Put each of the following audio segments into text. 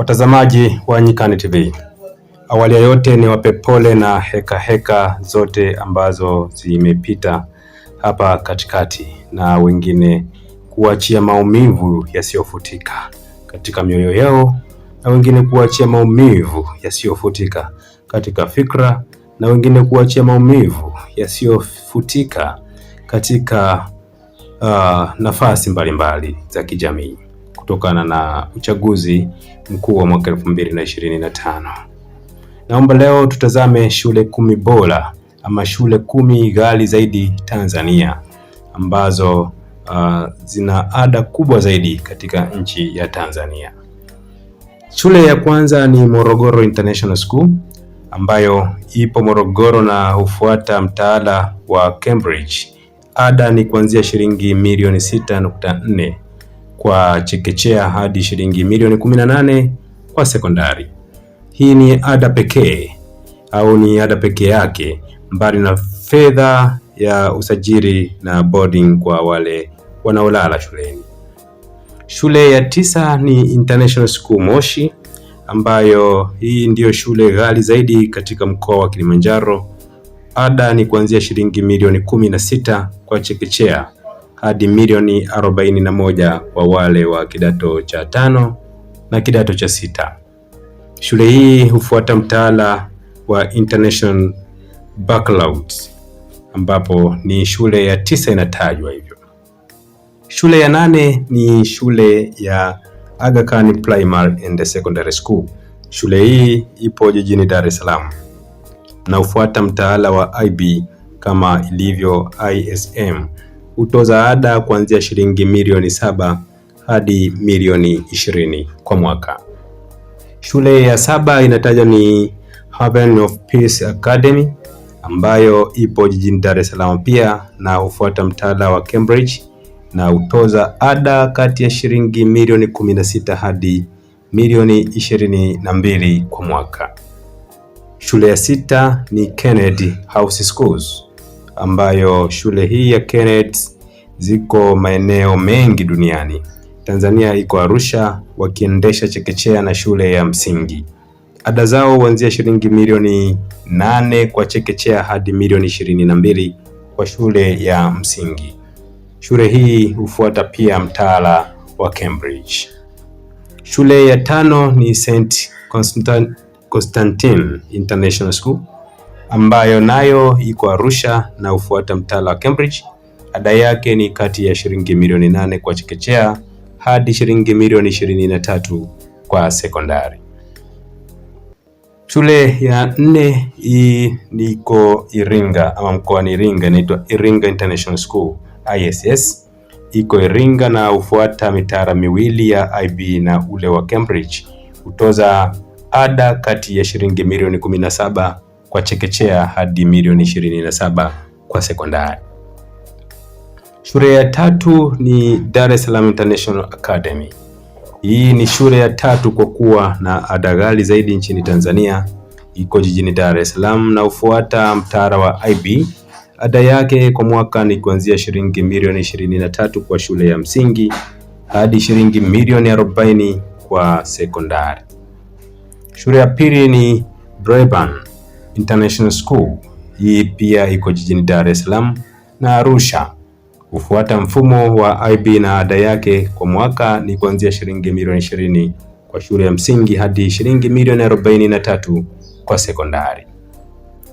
Watazamaji wa Nyikani TV, awali ya yote ni wape pole na heka heka zote ambazo zimepita hapa katikati na wengine kuachia maumivu yasiyofutika katika mioyo yao na wengine kuachia maumivu yasiyofutika katika fikra na wengine kuachia maumivu yasiyofutika katika uh, nafasi mbalimbali za kijamii kutokana na uchaguzi mkuu wa mwaka 2025. Naomba leo tutazame shule kumi bora ama shule kumi ghali zaidi Tanzania ambazo uh, zina ada kubwa zaidi katika nchi ya Tanzania. Shule ya kwanza ni Morogoro International School ambayo ipo Morogoro na hufuata mtaala wa Cambridge. Ada ni kuanzia shilingi milioni 6.4 kwa chekechea hadi shilingi milioni 18 kwa sekondari. Hii ni ada pekee au ni ada pekee yake, mbali na fedha ya usajili na boarding kwa wale wanaolala shuleni. Shule ya tisa ni International School Moshi, ambayo hii ndiyo shule ghali zaidi katika mkoa wa Kilimanjaro. Ada ni kuanzia shilingi milioni kumi na sita kwa chekechea hadi milioni 41 kwa wale wa kidato cha tano na kidato cha sita. Shule hii hufuata mtaala wa International Baccalaureate ambapo ni shule ya tisa inatajwa hivyo. Shule ya nane ni shule ya Aga Khan Primary and Secondary School. Shule hii ipo jijini Dar es Salaam na hufuata mtaala wa IB kama ilivyo ISM hutoza ada kuanzia shilingi milioni saba hadi milioni ishirini kwa mwaka. Shule ya saba inatajwa ni Haven of Peace Academy ambayo ipo jijini Dar es Salaam pia na hufuata mtaala wa Cambridge na hutoza ada kati ya shilingi milioni kumi sita hadi milioni ishirini mbili kwa mwaka. Shule ya sita ni Kennedy House Schools ambayo shule hii ya Kennet ziko maeneo mengi duniani. Tanzania iko Arusha, wakiendesha chekechea na shule ya msingi. Ada zao huanzia shilingi milioni nane kwa chekechea hadi milioni ishirini na mbili kwa shule ya msingi. Shule hii hufuata pia mtaala wa Cambridge. Shule ya tano ni St. Constantine International School ambayo nayo iko Arusha na ufuata mtaala wa Cambridge. Ada yake ni kati ya shilingi milioni nane kwa chekechea hadi shilingi milioni ishirini na tatu kwa sekondari. Shule ya nne hii niko Iringa ama mkoani Iringa, inaitwa Iringa International School ISS, iko Iringa na hufuata mitara miwili ya IB na ule wa Cambridge. Hutoza ada kati ya shilingi milioni kumi na saba kwa chekechea hadi milioni 27 kwa sekondari. Shule ya tatu ni Dar es Salaam International Academy. Hii ni shule ya tatu kwa kuwa na ada ghali zaidi nchini Tanzania. Iko jijini Dar es Salaam na ufuata mtaala wa IB. Ada yake kwa mwaka ni kuanzia shilingi milioni 23 kwa shule ya msingi hadi shilingi milioni 40 kwa sekondari. Shule ya pili ni Breban International School. Hii pia iko jijini Dar es Salaam na Arusha. Hufuata mfumo wa IB na ada yake kwa mwaka ni kuanzia shilingi milioni ishirini kwa shule ya msingi hadi shilingi milioni arobaini na tatu kwa sekondari.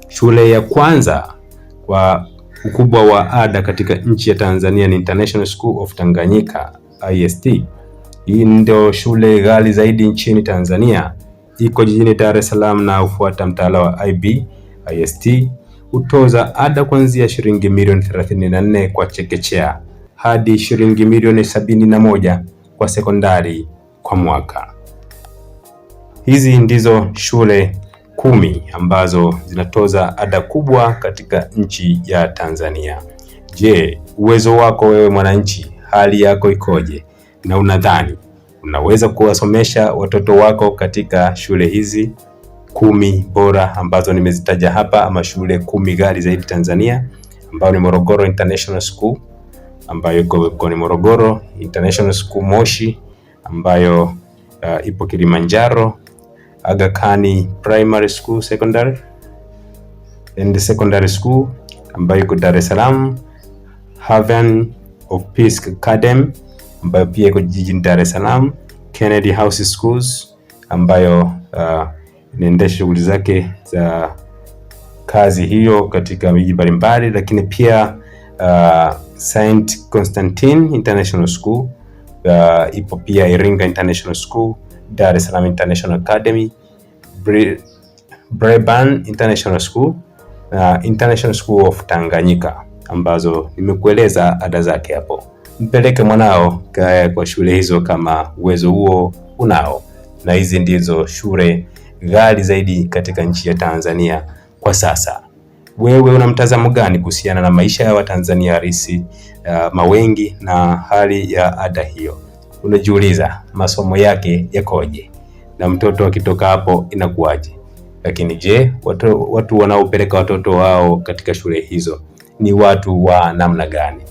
Shule ya kwanza kwa ukubwa wa ada katika nchi ya Tanzania ni International School of Tanganyika IST. Hii ndio shule ghali zaidi nchini Tanzania iko jijini Dar es Salaam na hufuata mtaala wa IB IST hutoza ada kuanzia shilingi milioni 34 kwa chekechea hadi shilingi milioni sabini moja kwa sekondari kwa mwaka. Hizi ndizo shule kumi ambazo zinatoza ada kubwa katika nchi ya Tanzania. Je, uwezo wako wewe mwananchi, hali yako ikoje? Na unadhani unaweza kuwasomesha watoto wako katika shule hizi kumi bora ambazo nimezitaja hapa, ama shule kumi ghali zaidi Tanzania, ambayo ni Morogoro International School ambayo iko ni Morogoro International School Moshi, ambayo uh, ipo Kilimanjaro, Aga Khan Primary School Secondary and Secondary School ambayo iko Dar es Salaam, Haven of Peace Academy ambayo pia iko jijini Dar es Salaam, Kennedy House Schools ambayo uh, inaendesha shughuli zake za kazi hiyo katika miji mbalimbali, lakini pia uh, Saint Constantine International School uh, ipo pia Iringa International School, Dar es Salaam International Academy, Bre Breban International School na uh, International School of Tanganyika ambazo nimekueleza ada zake hapo mpeleke mwanao kwa shule hizo kama uwezo huo unao, na hizi ndizo shule ghali zaidi katika nchi ya Tanzania kwa sasa. Wewe una mtazamo gani kuhusiana na maisha ya Watanzania halisi uh, mawengi na hali ya ada hiyo? Unajiuliza masomo yake yakoje na mtoto akitoka hapo inakuwaje? Lakini je, watu, watu wanaopeleka watoto wao katika shule hizo ni watu wa namna gani?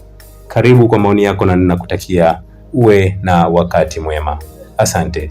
Karibu kwa maoni yako na ninakutakia uwe na wakati mwema. Asante.